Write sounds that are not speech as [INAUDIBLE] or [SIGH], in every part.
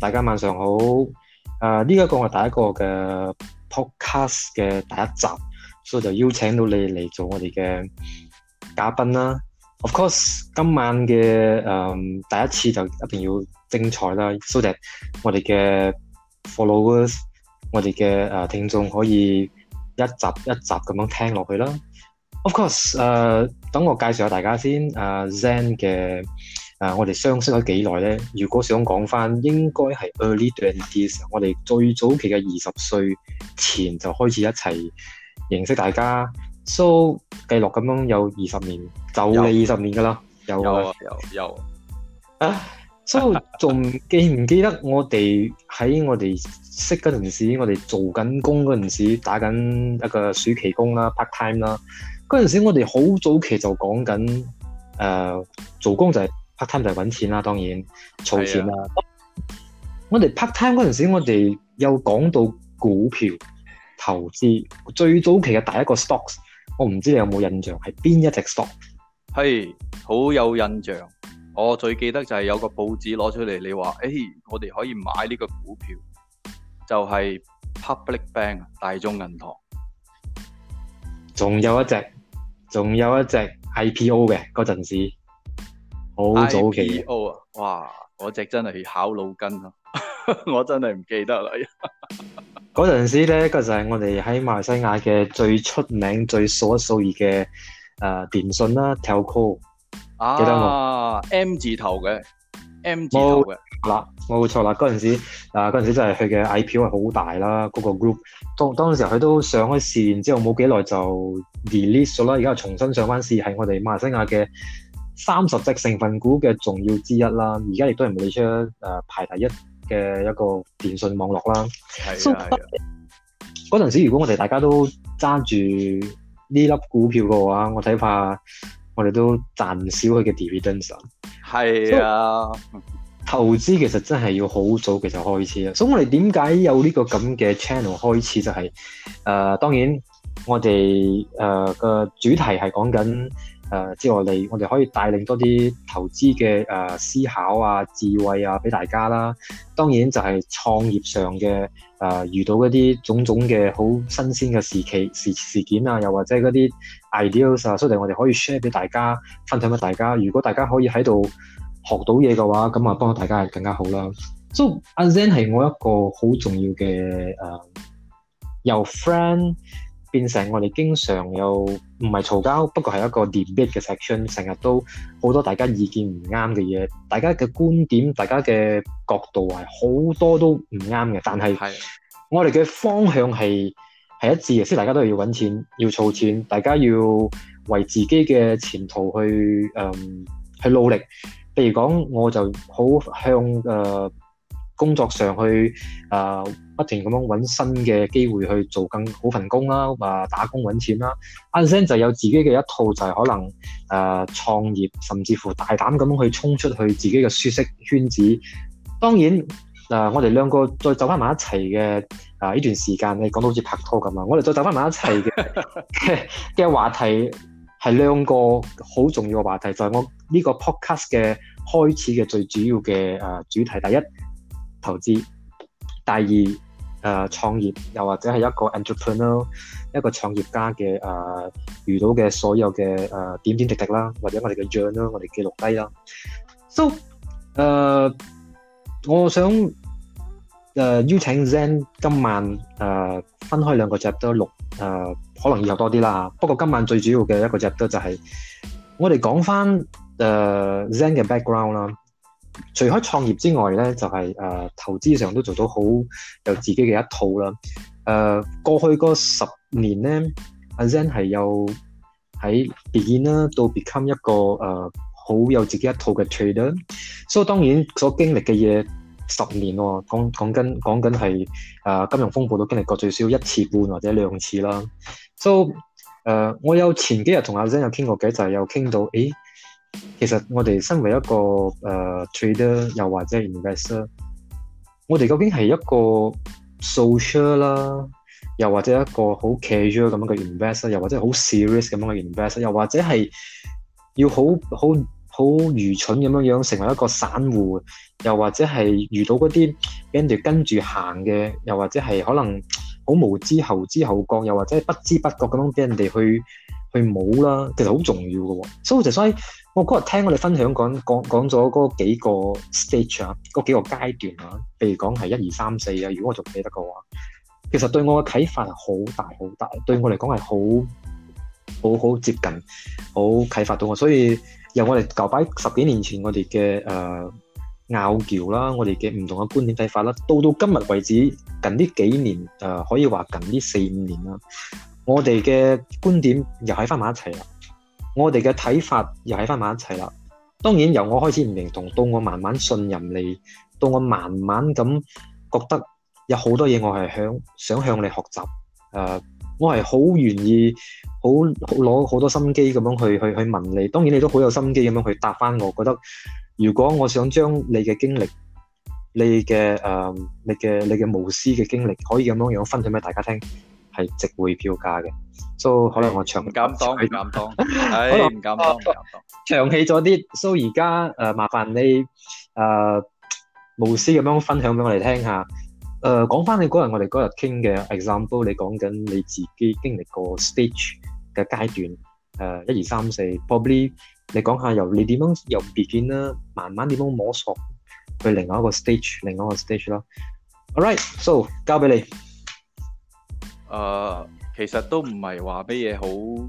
大家晚上好，誒呢一個係我第一個嘅 podcast 嘅第一集，所以就邀請到你嚟做我哋嘅嘉賓啦。Of course，今晚嘅誒、呃、第一次就一定要精彩啦。所、so、以我哋嘅 followers，我哋嘅誒聽眾可以一集一集咁樣聽落去啦。Of course，誒、呃、等我介紹下大家先，誒、呃、Zen 嘅。啊！Uh, 我哋相識咗幾耐咧？如果想講返，應該係 early twenties 嘅時候，我哋最早期嘅二十歲前就開始一齊認識大家，so 記錄咁樣有二十年，就你二十年㗎喇有，有啊有有啊、uh,，so 仲 [LAUGHS] 記唔記得我哋喺我哋識嗰陣時，我哋做緊工嗰陣時，打緊一個暑期工啦，part time 啦嗰陣時，我哋好早期就講緊誒做工就係、是。part time 就係搵錢啦，當然儲錢啦。是啊、我哋 part time 嗰陣時，我哋又講到股票投資，最早期嘅第一個 stocks，我唔知你有冇印象係邊一隻 stock？係，hey, 好有印象。我最記得就係有個報紙攞出嚟，你話誒，hey, 我哋可以買呢個股票，就係 public bank 大眾銀行。仲有一隻，仲有一隻 IPO 嘅嗰陣時候。好早期啊！哇，嗰隻真係去考腦筋啊， [LAUGHS] 我真係唔記得啦。嗰 [LAUGHS] 陣時咧，嗰陣係我哋喺馬來西亞嘅最出名、最數一數二嘅誒，電信啦，Telco、啊、記得冇？M 字頭嘅 M 字頭嘅，嗱，冇錯啦。嗰陣時啊，嗰陣時就係佢嘅 IPO 係好大啦。嗰、嗰個 group 當當時佢都上咗市，然之後冇幾耐就 release 咗啦，而家又重新上翻市，係我哋馬來西亞嘅。三十隻成分股嘅重要之一啦，而家亦都係唔理出誒排第一嘅一個電信網絡啦。所以嗰陣時，如果我哋大家都揸住呢粒股票嘅話，我睇怕我哋都賺少佢嘅 dividends。係啊，so, 投資其實真係要好早嘅就開始啦。所、so, 以我哋點解有呢個咁嘅 channel 開始，就係、是、誒、呃，當然我哋誒嘅主題係講緊。誒，即係我哋，我哋可以帶領多啲投資嘅誒思考啊、智慧啊，俾大家啦。當然就係創業上嘅誒、呃，遇到嗰啲種種嘅好新鮮嘅時期事事件啊，又或者嗰啲 ideas 啊，所以，我哋可以 share 俾大家，分享俾大家。如果大家可以喺度學到嘢嘅話，咁啊幫到大家係更加好啦。So 阿 Zen 係我一個好重要嘅誒，友、呃、friend。變成我哋經常又唔係嘈交，不過係一個 debate 嘅 section，成日都好多大家意見唔啱嘅嘢，大家嘅觀點、大家嘅角度係，好多都唔啱嘅。但係我哋嘅方向係係一致嘅，即係大家都係要揾錢、要儲錢，大家要為自己嘅前途去誒、嗯、去努力。譬如講，我就好向誒。呃工作上去，誒、啊、不停咁樣揾新嘅機會去做更好份工啦，誒、啊、打工揾錢啦。啱先就有自己嘅一套，就係可能誒、啊、創業，甚至乎大膽咁去衝出去自己嘅舒適圈子。當然，誒、啊、我哋兩個再走翻埋一齊嘅誒呢段時間，你講到好似拍拖咁啦。我哋再走翻埋一齊嘅嘅話題，係兩個好重要嘅話題，就係我呢個 podcast 嘅開始嘅最主要嘅誒、啊、主題，第一。投資，第二誒、呃、創業，又或者係一個 entrepreneur 一個創業家嘅誒、呃、遇到嘅所有嘅誒、呃、點點滴滴啦，或者我哋嘅 journal 啦，我哋記錄低啦。So 誒、呃，我想誒、呃、邀請 Zen 今晚誒、呃、分開兩個節目都錄誒，可能以後多啲啦。不過今晚最主要嘅一個節目就係我哋講翻誒 Zen 嘅 background 啦。除開創業之外咧，就係、是、誒、啊、投資上都做到好有自己嘅一套啦。誒、啊、過去個十年咧，阿 Zen 係有喺 beginner 到 become 一個誒、啊、好有自己一套嘅 trader，所以、so, 當然所經歷嘅嘢十年、哦，講講緊講緊係誒金融風暴都經歷過最少一次半或者兩次啦。所以誒我有前幾日同阿 Zen 有傾過偈，就係、是、有傾到誒。欸其實我哋身為一個誒 trader，又或者 investor，我哋究竟係一個 social 啦、啊，又或者一個好 casual 咁樣嘅 investor，又或者好 serious 咁樣嘅 investor，又或者係要好好好愚蠢咁樣樣成為一個散戶，又或者係遇到嗰啲跟住跟住行嘅，又或者係可能好無知後知後覺，又或者係不知不覺咁樣俾人哋去。佢冇啦，其實好重要嘅。So, 所以所以我嗰日聽我哋分享講講講咗嗰幾個 stage 啊，嗰幾個階段啊，譬如講係一二三四啊，如果我仲記得嘅話，其實對我嘅啟發係好大好大，對我嚟講係好好好接近，好啟發到我。所以由我哋舊擺十幾年前我哋嘅誒拗撬啦，我哋嘅唔同嘅觀點睇法啦，到到今日為止，近呢幾年誒、呃、可以話近呢四五年啦。我哋嘅觀點又喺翻埋一齊啦，我哋嘅睇法又喺翻埋一齊啦。當然由我開始唔認同，到我慢慢信任你，到我慢慢咁覺得有好多嘢我係向想，想向你學習。誒、uh，我係好願意好攞好多心機咁樣去去去問你。當然你都好有心機咁樣去答翻我。覺得如果我想將你嘅經歷、你嘅誒、uh、你嘅你嘅無私嘅經歷，可以咁樣樣分享俾大家聽。係值回票價嘅，所、so，以、嗯、可能我長唔敢當，唔敢當，能唔敢當，長氣咗啲，所以而家誒麻煩你誒、呃、無私咁樣分享俾我哋聽下。誒、呃，講翻你嗰日我哋嗰日傾嘅 example，你講緊你自己經歷過 stage 嘅階段，誒、呃，一二三四，probably 你講下由你點樣由 begin 啦，慢慢點樣摸索去另外一個 stage，另外一個 stage 啦。All right，so 交俾你。誒其實都唔係話咩嘢好誒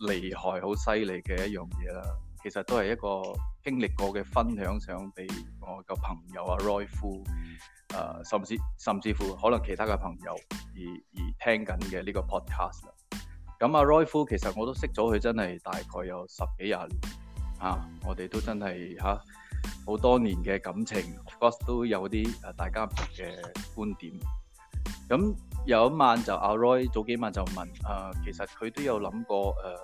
厲害、好犀利嘅一樣嘢啦。其實都係、呃、一,一個經歷過嘅分享，想俾我個朋友阿 Roy Fu、誒，甚至甚至乎可能其他嘅朋友而而聽緊嘅呢個 podcast。咁阿 Roy Fu 其實我都識咗佢，真係大概有十幾廿年啊！我哋都真係嚇好多年嘅感情，都都有啲誒大家唔同嘅觀點咁。有一晚就阿 Roy 早幾晚就問誒、呃，其實佢都有諗過誒、呃，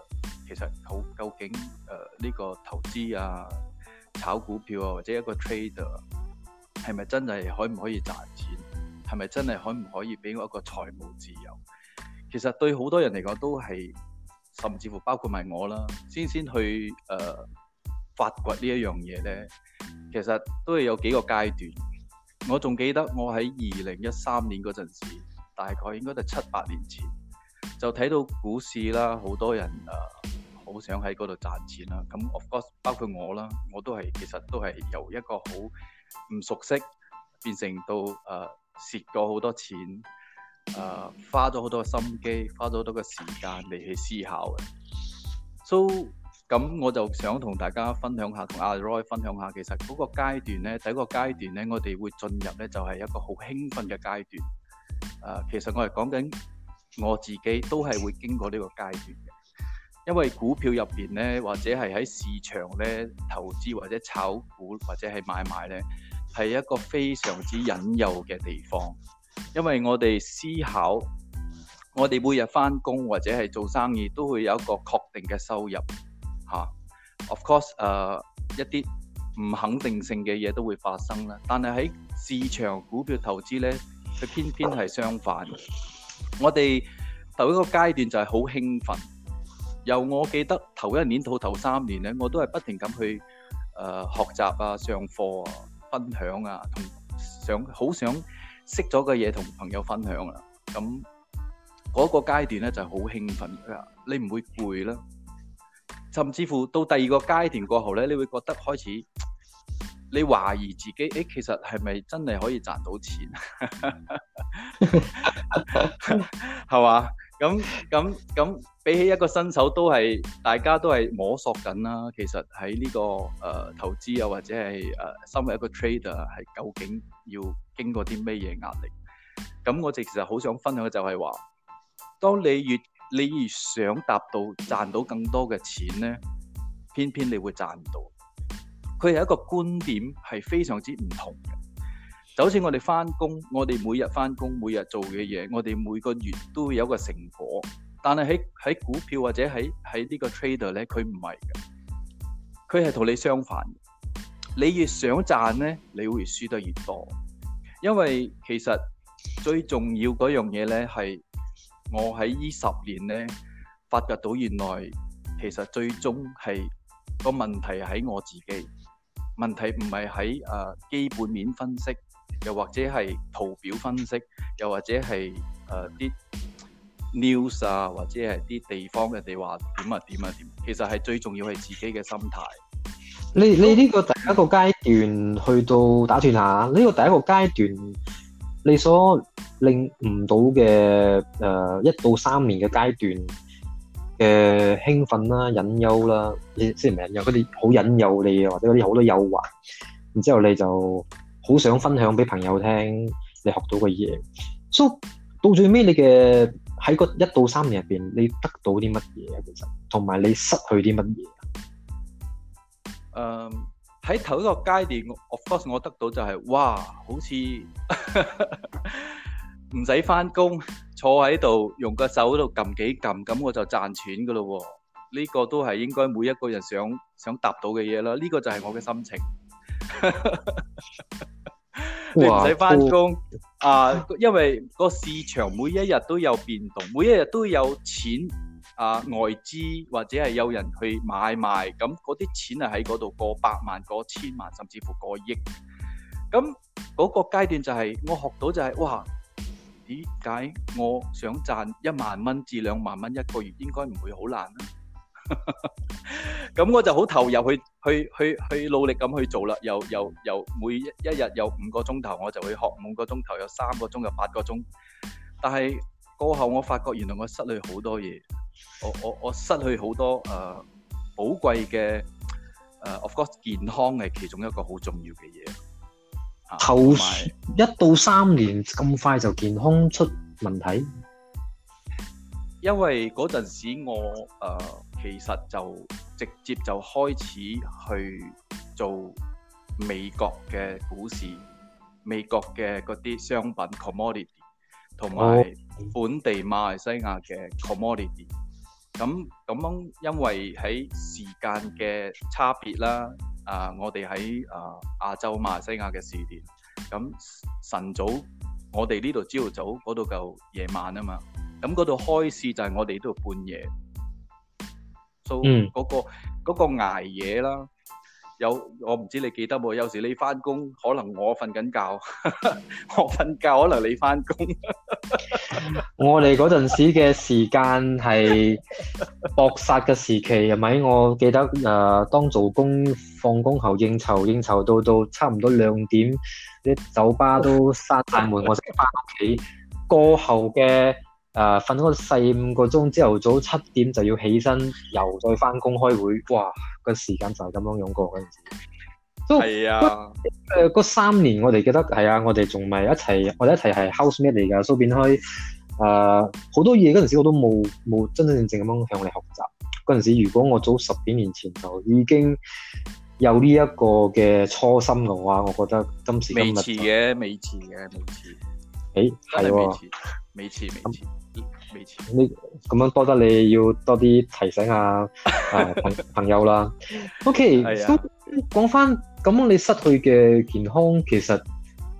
其實究究竟誒呢、呃呢個投資啊、炒股票啊，或者一個 trader 係咪真係可唔可以賺錢？係咪真係可唔可以俾我一個財務自由？其實對好多人嚟講都係，甚至乎包括埋我啦，先先去誒、呃、發掘呢一樣嘢咧。其實都係有幾個階段。我仲記得我喺二零一三年嗰陣時。大概應該都七八年前，就睇到股市啦，好多人啊，好、呃、想喺嗰度賺錢啦。咁 of course 包括我啦，我都係其實都係由一個好唔熟悉變成到誒蝕咗好多錢，誒、呃、花咗好多心機，花咗好多嘅時間嚟去思考嘅。So 咁我就想同大家分享下，同阿 Roy 分享下，其實嗰個階段咧，第一個階段咧，我哋會進入咧就係、是、一個好興奮嘅階段。誒，其實我係講緊我自己，都係會經過呢個階段嘅，因為股票入邊呢，或者係喺市場呢投資或者炒股或者係買賣呢，係一個非常之引誘嘅地方。因為我哋思考，我哋每日返工或者係做生意，都會有一個確定嘅收入，吓。Of course，誒，一啲唔肯定性嘅嘢都會發生啦。但係喺市場股票投資呢。佢偏偏係相反。我哋第一個階段就係好興奮，由我記得頭一年到頭三年咧，我都係不停咁去誒學習啊、上課啊、分享啊，同想好想識咗嘅嘢同朋友分享啊。咁嗰個階段咧就係好興奮㗎，你唔會攰啦。甚至乎到第二個階段過後咧，你會覺得開始。你懷疑自己？誒、哎，其實係咪真係可以賺到錢？係嘛？咁咁咁，比起一個新手，都係大家都係摸索緊啦。其實喺呢、這個誒、呃、投資啊，或者係誒身為一個 trader，係究竟要經過啲咩嘢壓力？咁、 [MUSIC] 嗯、我哋其實好想分享嘅就係話，當你越你越想達到賺到更多嘅錢咧，偏偏你會賺唔到。佢係一個觀點，係非常之唔同嘅。就好似我哋翻工，我哋每日翻工，每日做嘅嘢，我哋每個月都會有一個成果。但係喺喺股票或者喺喺、er、呢個 trader 咧，佢唔係嘅，佢係同你相反的。你越想賺咧，你會輸得越多。因為其實最重要嗰樣嘢咧，係我喺呢十年咧發掘到原來其實最終係個問題喺我自己。問題唔係喺誒基本面分析，又或者係圖表分析，又或者係誒啲 news 啊，或者係啲地方人哋話點啊點啊點。其實係最重要係自己嘅心態。你你呢個第一個階段，去到打斷下呢個第一個階段，你所令唔到嘅誒一到三年嘅階段，嘅興奮啦、引誘啦，你知唔知？因為佢哋好引誘你，或者嗰啲好多誘惑，然之後你就好想分享俾朋友聽你學到嘅嘢。So 到最尾，你嘅喺個一到三年入邊，你得到啲乜嘢啊？其實，同埋你失去啲乜嘢啊？嗯，喺頭一個階段，of course，我得到就係，哇，好似～唔使翻工，坐喺度用個手度撳幾撳，咁我就賺錢噶咯。呢個都係應該每一個人想想達到嘅嘢啦。呢個就係我嘅心情。你唔使翻工啊，因為個市場每一日都有變動，每一日都有錢啊，外資或者係有人去買賣，咁嗰啲錢係喺嗰度過百萬、過千萬，甚至乎過億。咁嗰個階段就係我學到就係哇！點解我想賺一萬蚊，至兩萬蚊一個月，應該唔會好難啦。咁我就好投入去去去去努力咁去做啦。又又又每一一日有五個鐘頭，我就去學五個鐘頭，有三個鐘，有八個鐘。但係過後我發覺，原來我失去好多嘢。我我我失去好多誒寶貴嘅誒，我覺健康係其中一個好重要嘅嘢。頭一到三年咁快就健康出問題，因為嗰陣時我誒、呃、其實就直接就開始去做美國嘅股市，美國嘅嗰啲商品 commodity，同埋本地馬來西亞嘅 commodity。咁咁樣因為喺時間嘅差別啦。啊！我哋喺啊亞洲馬來西亞嘅時段，咁晨早我哋呢度朝早，嗰度就夜晚啊嘛。咁嗰度開市就係我哋呢度半夜，所以嗰個嗰個捱夜啦。有我唔知你記得喎。有時你翻工，可能我瞓緊覺，我瞓覺，可能你翻工。 [LAUGHS] 我哋嗰陣時嘅時間係搏殺嘅時期，係咪？我記得誒、呃，當做工放工後應酬應酬到到差唔多兩點，啲酒吧都閂晒門，我先翻屋企。過後嘅誒，瞓嗰四五個鐘之後，朝早七點就要起身，又再翻工開會。哇，個時間就係咁樣用過嗰陣時。係啊，誒、嗰三年我哋記得係啊，我哋仲咪一齊，我哋一齊係 housemate 嚟噶，蘇變開，誒，好、呃、多嘢嗰陣時我都冇冇真真正正咁樣向我哋學習。嗰陣時如果我早十幾年前就已經有呢一個嘅初心嘅話，我覺得今時今日未遲嘅，未遲嘅，未遲。誒、欸，係喎、啊，未遲未遲未遲。咁樣多得你要多啲提醒下誒朋、 [LAUGHS] 啊、朋友啦。O K，講翻。咁你失去嘅健康，其實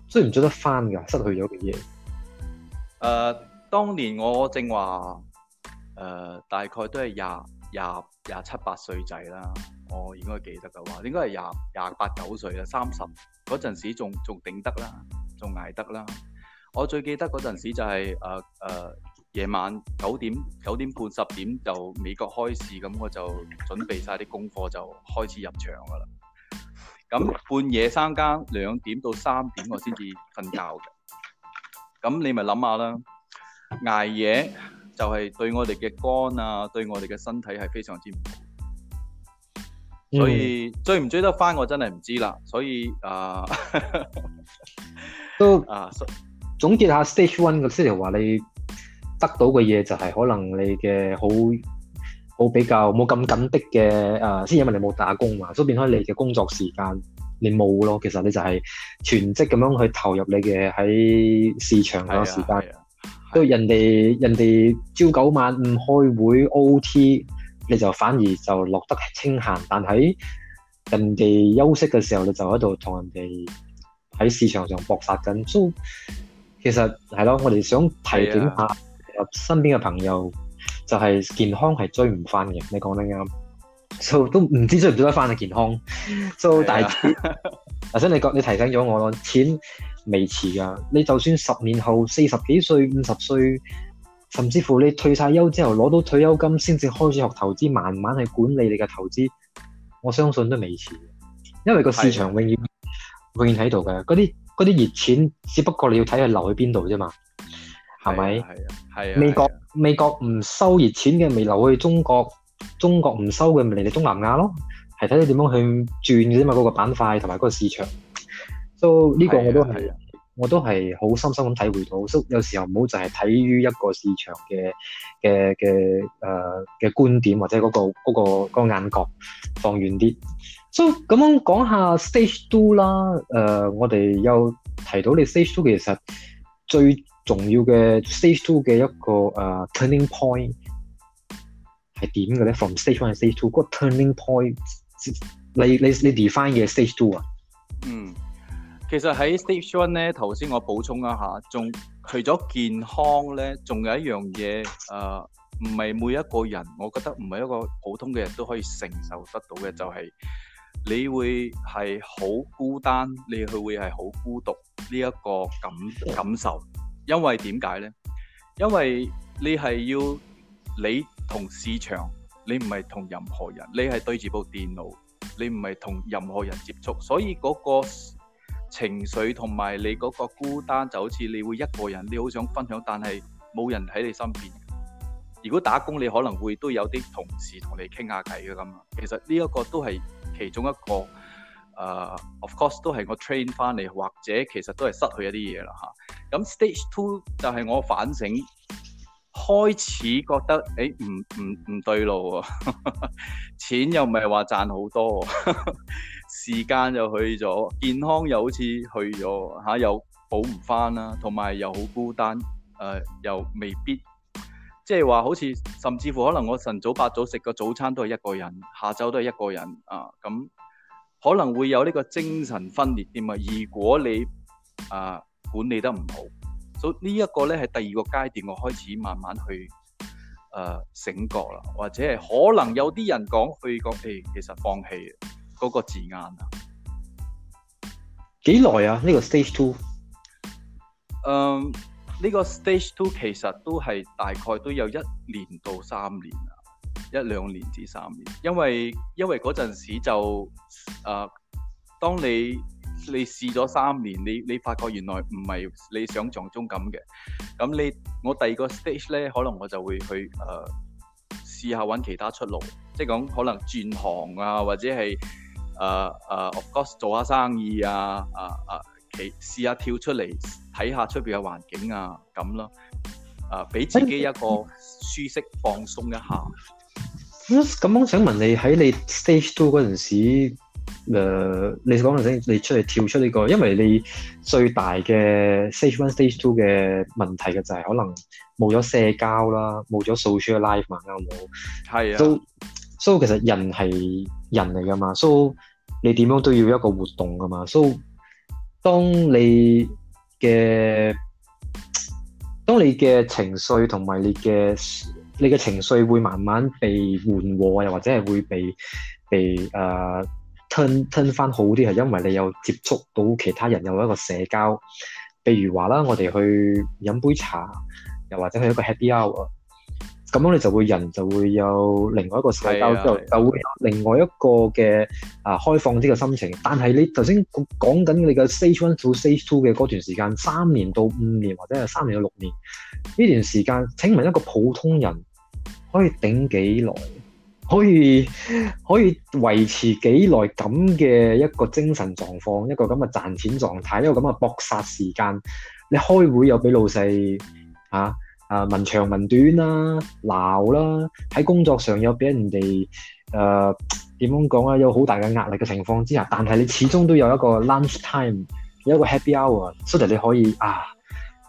追唔追得翻噶，失去咗嘅嘢。誒，uh, 當年我正話誒，uh, 大概都係廿廿廿七八歲仔啦，我應該記得嘅話，應該係廿廿八九歲啦，三十嗰陣時仲仲頂得啦，仲捱得啦。我最記得嗰陣時就係誒誒夜晚九點九點半十點就美國開市，咁我就準備晒啲功課就開始入場噶啦。咁半夜三更兩點到三點我，我先至瞓覺嘅。咁你咪諗下啦，捱夜就係對我哋嘅肝啊，對我哋嘅身體係非常之唔好。所以、嗯、追唔追得翻，我真係唔知啦。所以啊，都 [LAUGHS] So, 啊，so, 總結下 stage one 嘅 stage，話你得到嘅嘢就係可能你嘅好。好比較冇咁緊迫嘅誒，先、啊、因為你冇打工嘛，所以變開你嘅工作時間你冇咯。其實你就係全職咁樣去投入你嘅喺市場嘅時間。都、啊啊啊、人哋人哋朝九晚五開會 O.T.，你就反而就落得清閒。但喺人哋休息嘅時候，你就喺度同人哋喺市場上搏殺緊。所其實係咯、啊，我哋想提點下身邊嘅朋友、啊。就係健康係追唔翻嘅，你講得啱。so 都唔知追唔追得翻啊健康。 [LAUGHS] So s,、啊、 大但概係，阿你覺你提醒咗我咯，錢未遲噶。你就算十年後四十幾歲、五十歲，甚至乎你退晒休之後攞到退休金，先至開始學投資，慢慢去管理你嘅投資，我相信都未遲。因為個市場永遠、啊、永遠喺度嘅，嗰啲嗰啲熱錢，只不過你要睇佢留喺邊度啫嘛，係咪？係啊，係吧啊，未覺、啊。你說 美國唔收熱錢嘅，未留去中國；中國唔收嘅，未嚟你東南亞咯。係睇你點樣去轉啫嘛，嗰、嗰個板塊同埋嗰個市場。so 呢個我都係，的我都係好深深咁體會到。所以有時候唔好就係睇於一個市場嘅嘅嘅誒嘅觀點或者嗰、嗰個嗰、嗰個嗰個、眼角放遠啲。so 咁講下 stage two 啦，誒、呃、我哋又提到你 stage two 其實最重要嘅 stage two 嘅一個誒 turning point 係點嘅咧？From stage one to stage two 個 turning point，你你你 define 嘅 stage two 啊？嗯，其實喺 stage one 咧，頭先我補充一下，仲除咗健康咧，仲有一樣嘢誒，唔係每一個人，我覺得唔係一個普通嘅人都可以承受得到嘅，就係你會係好孤單，你佢會係好孤獨呢一個感感受。因為點解呢？因為你係要你同市場，你唔係同任何人，你係對住部電腦，你唔係同任何人接觸，所以嗰個情緒同埋你嗰個孤單，就好似你會一個人，你好想分享，但係冇人喺你身邊。如果打工，你可能會都有啲同事同你傾下偈嘅咁啊。其實呢一個都係其中一個。誒、uh，of course 都係我 train 翻嚟，或者其實都係失去一啲嘢啦吓。咁、啊、stage two 就係我反省，開始覺得誒唔唔唔對路喎， [LAUGHS] 錢又唔係話賺好多， [LAUGHS] 時間又去咗，健康又好似去咗吓、啊，又補唔翻啦，同埋又好孤單誒、啊、又未必，即係話好似甚至乎可能我晨早、八早食個早餐都係一個人，下晝都係一個人啊咁。可能會有呢個精神分裂添啊！如果你啊、呃、管理得唔好，所以呢一個咧係第二個階段，我開始慢慢去誒、呃、醒覺啦，或者係可能有啲人講佢講誒，其實放棄嗰、那個字眼啊，幾耐啊？呢個 stage two，嗯，呢、這個 stage two 其實都係大概都有一年到三年。一兩年至三年，因為因為嗰陣時就誒、呃，當你你試咗三年，你你發覺原來唔係你想象中咁嘅，咁你我第二個 stage 咧，可能我就會去誒試、呃、下揾其他出路，即係講可能轉行啊，或者係誒誒我覺得做下生意啊，啊、呃、啊，其試下跳出嚟睇下出邊嘅環境啊，咁咯，誒、呃、俾自己一個舒適放鬆一下。咁我想問你喺你 stage two 嗰陣時，uh, 你講頭先，你出嚟跳出呢個，因為你最大嘅 stage one、stage two 嘅問題嘅就係可能冇咗社交啦，冇咗 social life 嘛，啱冇？啱？係啊。So, so，其實人係人嚟㗎嘛，So 你點樣都要一個活動㗎嘛。So 當你嘅當你嘅情緒同埋你嘅。你嘅情緒會慢慢被緩和，又或者係會被被誒、呃、turn turn 翻好啲，係因為你有接觸到其他人，有一個社交。譬如話啦，我哋去飲杯茶，又或者去一個 happy hour，咁樣你就會人就會有另外一個社交，啊啊、之後就會有另外一個嘅啊開放啲嘅心情。但係你頭先講緊你嘅 stage one to stage two 嘅嗰段時間，三年到五年或者係三年到六年呢段時間，請問一個普通人，可以頂幾耐？可以可以維持幾耐咁嘅一個精神狀況，一個咁嘅賺錢狀態，一個咁嘅搏殺時間。你開會又俾老細嚇啊，問、呃、長問短啦、啊，鬧啦、啊，喺工作上有俾人哋誒點樣講咧？有好大嘅壓力嘅情況之下，但係你始終都有一個 lunch time，有一個 happy hour，所以你可以啊。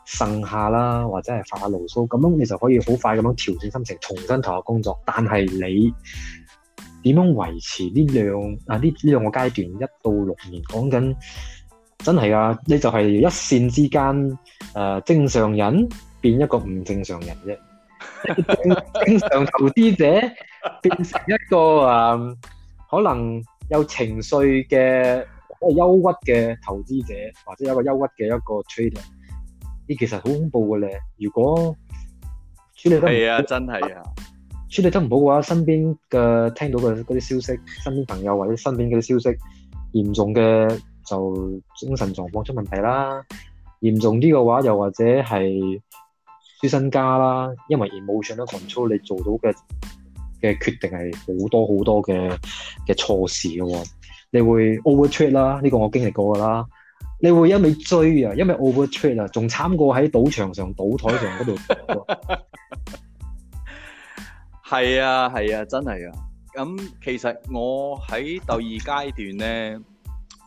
剩下啦，或者係發下牢騷，咁樣你就可以好快咁樣調整心情，重新投入工作。但係你點樣維持呢兩啊呢呢兩個階段一到六年？講緊真係啊，你就係一線之間誒、呃，正常人變一個唔正常人啫， [LAUGHS] 正常投資者變成一個啊、呃，可能有情緒嘅即係憂鬱嘅投資者，或者一個憂鬱嘅一個 trader 呢其實好恐怖嘅咧，如果處理得係啊，真係啊，處理得唔好嘅話，身邊嘅聽到嘅嗰啲消息，身邊朋友或者身邊嗰啲消息，嚴重嘅就精神狀況出問題啦，嚴重啲嘅話，又或者係輸身家啦，因為 emotion control 你做到嘅嘅決定係好多好多嘅嘅錯事嘅喎，你會 overtrade 啦，呢、這個我經歷過噶啦。你會一味追啊，一味 overtrade 啊，仲慘過喺賭場上賭台上嗰度。係啊，係 [LAUGHS] 啊，啊，真係啊。咁、嗯、其實我喺第二階段咧，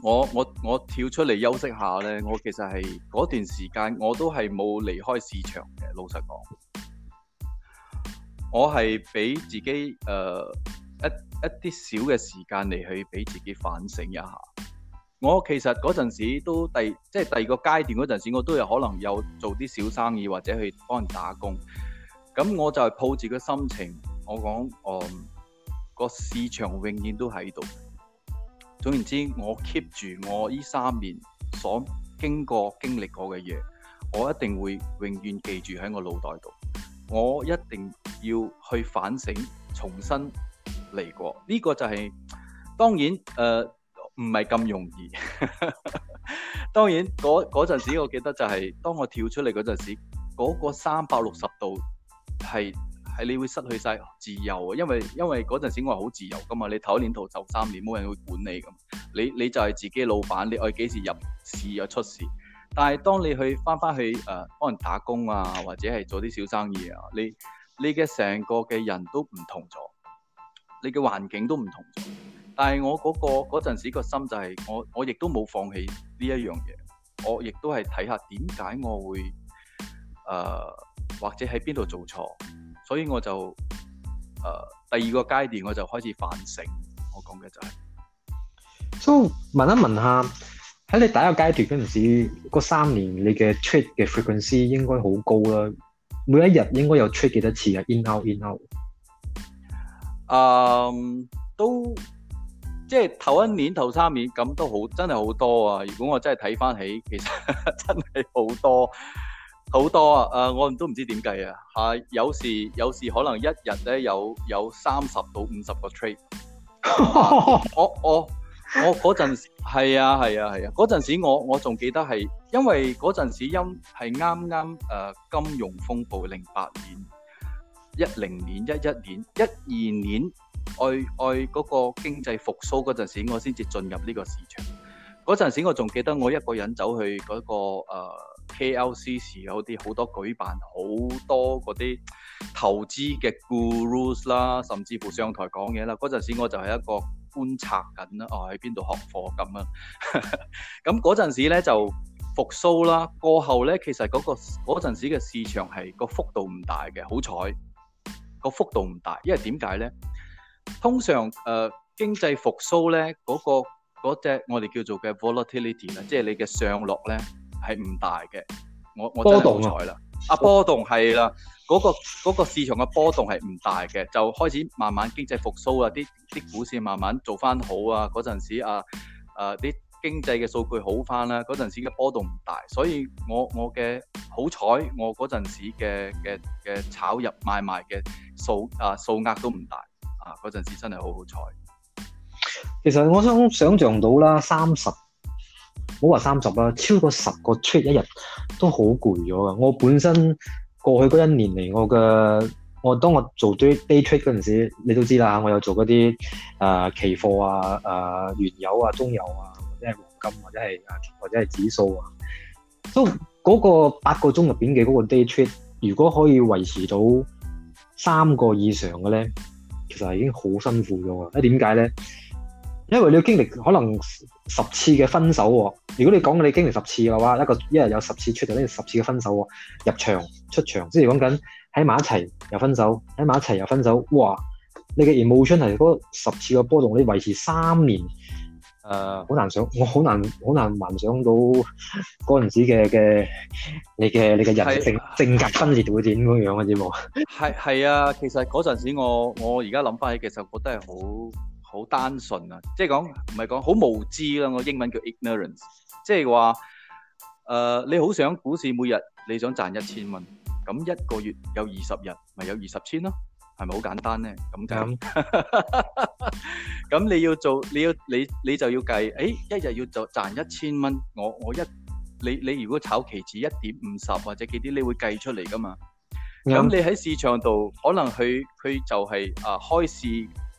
我我我跳出嚟休息下咧，我其實係嗰段時間我都係冇離開市場嘅。老實講，我係俾自己誒、呃、一一啲少嘅時間嚟去俾自己反省一下。我其實嗰陣時都第即係第二個階段嗰陣時，我都有可能有做啲小生意或者去幫人打工。咁我就係抱住個心情，我講，嗯，個市場永遠都喺度。總言之，我 keep 住我呢三年所經過、經歷過嘅嘢，我一定會永遠記住喺我腦袋度。我一定要去反省，重新嚟過。呢、這個就係、是、當然，誒、呃。唔係咁容易， [LAUGHS] 當然，嗰嗰陣時，我記得就係、是、當我跳出嚟嗰陣時，嗰、嗰個三百六十度係係你會失去晒自由啊！因為因為嗰陣時我係好自由㗎嘛，你頭一年逃走三年，冇人會管你咁，你你就係自己老闆，你愛幾時入市啊出市。但係當你回去返返去誒幫人打工啊，或者係做啲小生意啊，你你嘅成個嘅人都唔同咗，你嘅環境都唔同咗。但係我嗰、那個嗰陣時個心就係、是、我我亦都冇放棄呢一樣嘢，我亦都係睇下點解我會誒、呃、或者喺邊度做錯，所以我就誒、呃、第二個階段我就開始反省，我講嘅就係、是。So，問一問一下喺你第一個階段嗰陣時，嗰三年你嘅 trade 嘅 frequency 應該好高啦，每一日應該有 trade 幾多次啊？In out in out？誒、um, 都。即係頭一年、頭三年咁都好，真係好多啊！如果我真係睇翻起，其實呵呵真係好多好多啊！誒、呃，我唔都唔知點計啊！啊，有時有時可能一日咧有有三十到五十個 trade 我我我嗰陣係啊係啊係啊！嗰陣時我我仲記得係，因為嗰陣時音係啱啱誒金融風暴零八年、一零年、一一年、一二年。愛愛嗰個經濟復甦嗰陣時，我先至進入呢個市場。嗰陣時我仲記得我一個人走去嗰個、呃、KLCC，有啲好多舉辦好多嗰啲投資嘅 Gurus 啦，甚至乎上台講嘢啦。嗰陣時我就係一個觀察緊啦，我喺邊度學課咁啦。咁嗰陣時咧就復甦啦。過後咧，其實嗰個嗰陣時嘅市場係個幅度唔大嘅，好彩個幅度唔大，因為點解咧？通常誒經濟復甦咧，嗰個嗰隻我哋叫做嘅 volatility 啦，即係你嘅上落咧係唔大嘅。我我真係好彩啦！啊波動係啦，嗰個嗰個市場嘅波動係唔大嘅，就開始慢慢經濟復甦啦，啲啲股市慢慢做翻好啊！嗰陣時啊誒啲經濟嘅數據好翻啦，嗰陣時嘅波動唔大，所以我我嘅好彩，我嗰陣時嘅嘅嘅炒入買賣嘅數啊數額都唔大。啊，嗰陣時真係好好彩。其實我想想象到啦，三十唔好話三十啦，超過十個 trade 一日都好攰咗噶。我本身過去嗰一年嚟，我嘅我當我做啲 day trade 嗰陣時，你都知啦。我有做嗰啲誒期貨啊、誒、呃、原油啊、中油啊，或者係黃金，或者係或者係指數啊。都嗰個八個鐘入邊嘅嗰個 day trade，如果可以維持到三個以上嘅咧。其實係已經好辛苦咗啦，誒點解咧？因為你要經歷可能十次嘅分手、哦，如果你講你經歷十次嘅話，一個一日有十次出嚟，呢十次嘅分手、哦，入場、出場，即係講緊喺埋一齊又分手，喺埋一齊又分手，哇！你嘅 emotion 係嗰十次嘅波動，你維持三年。誒，好、uh, 難想，我好難好難幻想到嗰陣時嘅嘅你嘅你嘅人性性、啊、格分裂會點咁樣樣嘅，知冇？係係啊，其實嗰陣時我我而家諗翻起，其實我覺得係好好單純啊，即係講唔係講好無知啦，我英文叫 ignorance，即係話誒、呃，你好想股市每日你想賺一千蚊，咁一個月有二十日咪有二十千咯。係咪好簡單咧？咁咁咁你要做，你要你你就要計。誒、哎，一日要做賺一千蚊，我我一你你如果炒期指一點五十或者幾啲，你會計出嚟噶嘛？咁、mm hmm. 你喺市場度可能佢佢就係、是、啊開市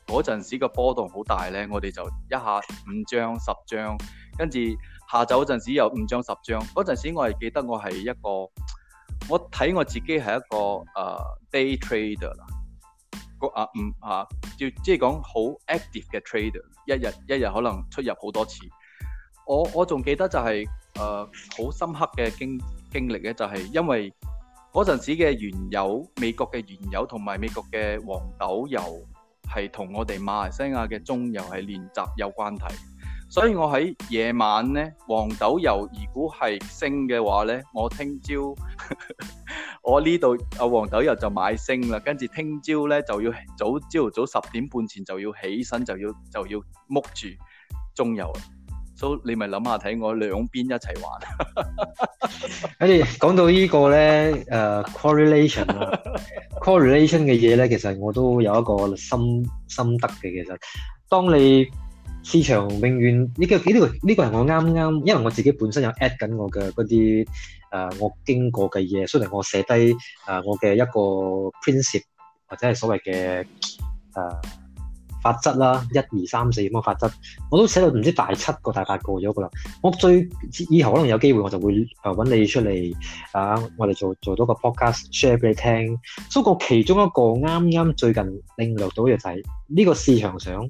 嗰陣時個波動好大咧，我哋就一下五張十張，跟住下晝嗰陣時有五張十張嗰陣時，我係記得我係一個我睇我自己係一個誒、uh, day trader 啦。啊嗯嚇，要即係講好 active 嘅 trader，一日一日可能出入好多次。我我仲記得就係誒好深刻嘅經經歷嘅，就係、是、因為嗰陣時嘅原油、美國嘅原油同埋美國嘅黃豆油係同我哋馬來西亞嘅棕油係連接有關係。所以我喺夜晚咧，黃豆油如果係升嘅話咧，我聽朝我呢度啊，黃豆油就買升啦，跟住聽朝咧就要早朝早十點半前就要起身，就要就要剝住中油，所以你咪諗下睇我兩邊一齊玩。跟住講到呢個咧，誒 correlation 啊，correlation 嘅嘢咧，其實我都有一個心心得嘅。其實當你市場永遠呢、這個呢、這個呢個係我啱啱，因為我自己本身有 at 緊我嘅嗰啲誒我經過嘅嘢，雖然我寫低誒我嘅一個 principle 或者係所謂嘅誒法則啦，一二三四五嘅法則，我都寫到唔知道大七個大八個咗㗎啦。我最以後可能有機會我就會誒揾你出嚟啊、呃，我哋做做多個 podcast share 俾你聽。不、so, 過其中一個啱啱最近領略到嘅就係、是、呢、這個市場上。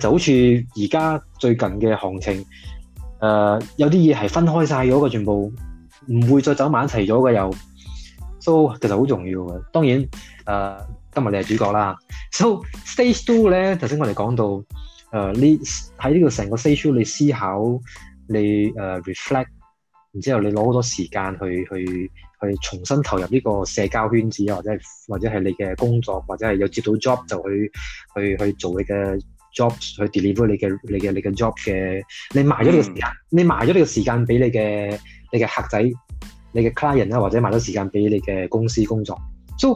就好似而家最近嘅行情，誒、呃，有啲嘢係分開晒咗嘅，全部唔會再走埋一齊咗嘅又，so 其實好重要嘅。當然，誒、呃，今日你係主角啦。so stage two 咧，頭先我哋講到，誒、呃，呢喺呢個成個 stage two 你思考，你誒、uh, reflect，然之後你攞好多時間去去去重新投入呢個社交圈子啊，或者係或者係你嘅工作，或者係有接到 job 就去去去，去做你嘅。Jobs 去 deliver 你嘅你嘅你嘅 job 嘅，你賣咗呢個時間、嗯，你賣咗呢個時間俾你嘅你嘅客仔，你嘅 client 啦，或者賣咗時間俾你嘅公司工作。so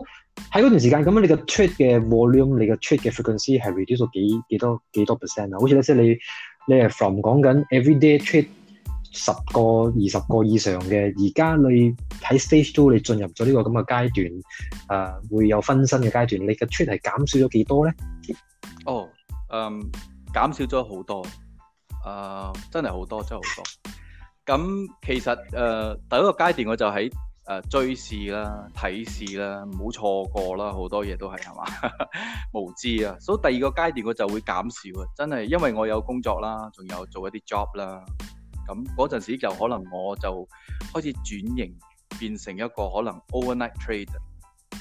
喺嗰段時間咁樣，你嘅 trade 嘅 volume，你嘅 trade 嘅 frequency 係 reduce 到幾幾多幾多 percent 啊？好似你即係你你係 from 講緊 every day trade 十個二十個以上嘅，而家你喺 stage two 你進入咗呢個咁嘅階段，誒、呃、會有分身嘅階段，你嘅 trade 係減少咗幾多咧？哦。Oh. 嗯，um, 減少咗好多，啊、uh, 真係好多，真係好多。咁其實誒、uh, 第一個階段我就喺誒、uh, 追市啦、睇市啦，唔好錯過啦，好多嘢都係係嘛， [LAUGHS] 無知啊。所、so, 以第二個階段我就會減少啊，真係因為我有工作啦，仲有做一啲 job 啦。咁嗰陣時候就可能我就開始轉型，變成一個可能 overnight trader，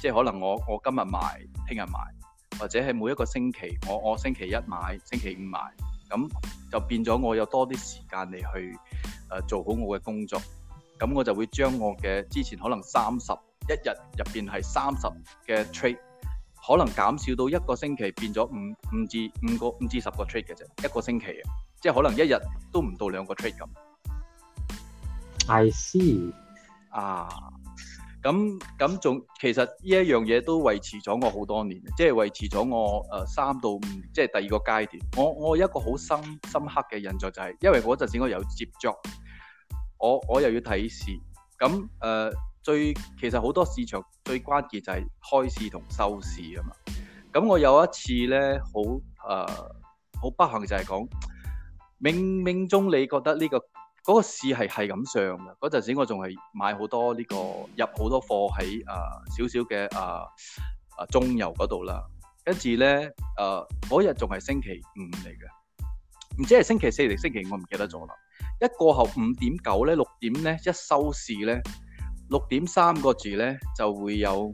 即係可能我我今日買，聽日買。或者係每一個星期，我我星期一買，星期五買，咁就變咗我有多啲時間嚟去誒、呃、做好我嘅工作。咁我就會將我嘅之前可能三十，一日入面係三十嘅 trade，可能減少到一個星期變咗五五至五個五至十個 trade 嘅啫，一個星期嘅，即係可能一日都唔到兩個 trade 咁。I see 啊。咁咁仲其實呢一樣嘢都維持咗我好多年，即係維持咗我呃、三到五，即係第二個階段。我我一個好深深刻嘅印象就係、是，因為嗰陣時我有接觸，我我又要睇市。咁、呃、最其實好多市場最關鍵就係開市同收市啊嘛。咁我有一次咧，好、呃、好不幸就係講，冥冥中你覺得呢、這個。嗰個市係係咁上嘅，嗰陣時我仲係買好多呢個入好多貨喺啊少少嘅啊啊中油嗰度啦，跟住咧誒嗰日仲係星期五嚟嘅，唔知係星期四定星期五我唔記得咗啦。一過後五點九咧，六點咧，一收市咧，六點三個字咧，就會有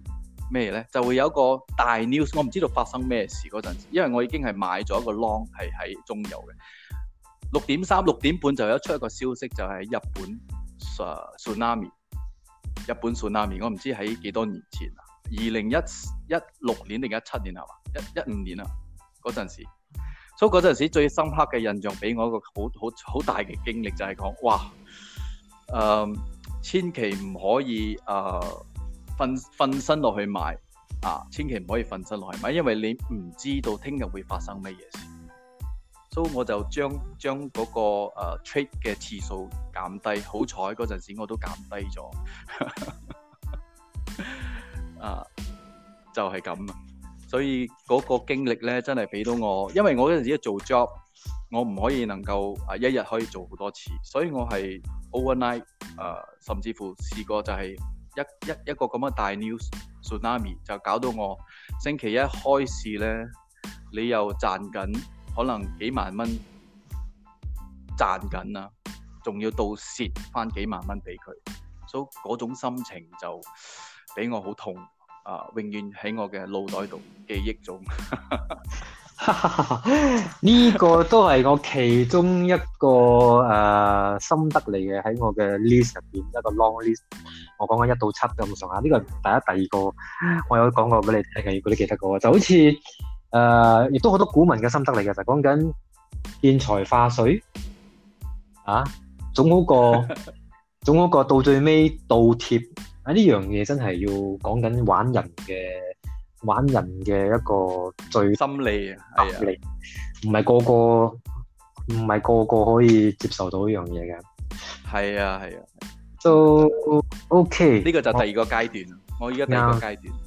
咩咧？就會有一個大 news，我唔知道發生咩事嗰陣時，因為我已經係買咗一個 long 係喺中油嘅。六點三六點半就有一出一個消息，就係、是、日本誒 tsunami、呃、日本 tsunami，我唔知喺幾多年前二零一六年定一七年一五年啊，嗰陣時，所以嗰陣時最深刻嘅印象俾我一個好好大嘅經歷，就係、是、講哇，誒、呃、千祈唔可以誒瞓瞓身落去買啊，千祈唔可以瞓身落去買，因為你唔知道聽日會發生咩嘢事。都我就將將嗰個誒 trade 嘅次數減低，好彩嗰陣時我都減低咗。啊，就係咁啊！所以嗰個經歷咧，真係俾到我，因為我嗰陣時一做 job，我唔可以能夠啊一日可以做好多次，所以我係 overnight 啊，甚至乎試過就係一一一個咁嘅大 news tsunami 就搞到我星期一開市咧，你又賺緊。可能幾萬蚊賺緊啦，仲要到蝕翻幾萬蚊俾佢，所以嗰種心情就俾我好痛啊！永遠喺我嘅腦袋度記憶中。呢、 [LAUGHS] 這個都係我其中一個誒、呃、心得嚟嘅，喺我嘅 list 入邊一個 long list 我。我講緊一到七咁上下，呢個第一第二個我有講過俾你聽嘅，如果都記得過就好似。誒，亦都好多股民嘅心得嚟嘅，就講緊見財化水啊，總好過總好過到最尾倒貼啊！呢樣嘢真係要講緊玩人嘅玩人嘅一個最心理啊，係啊，唔係個個唔係個個可以接受到呢樣嘢嘅，係啊係啊，都 OK。呢個就第二個階段，我而家第二個階段。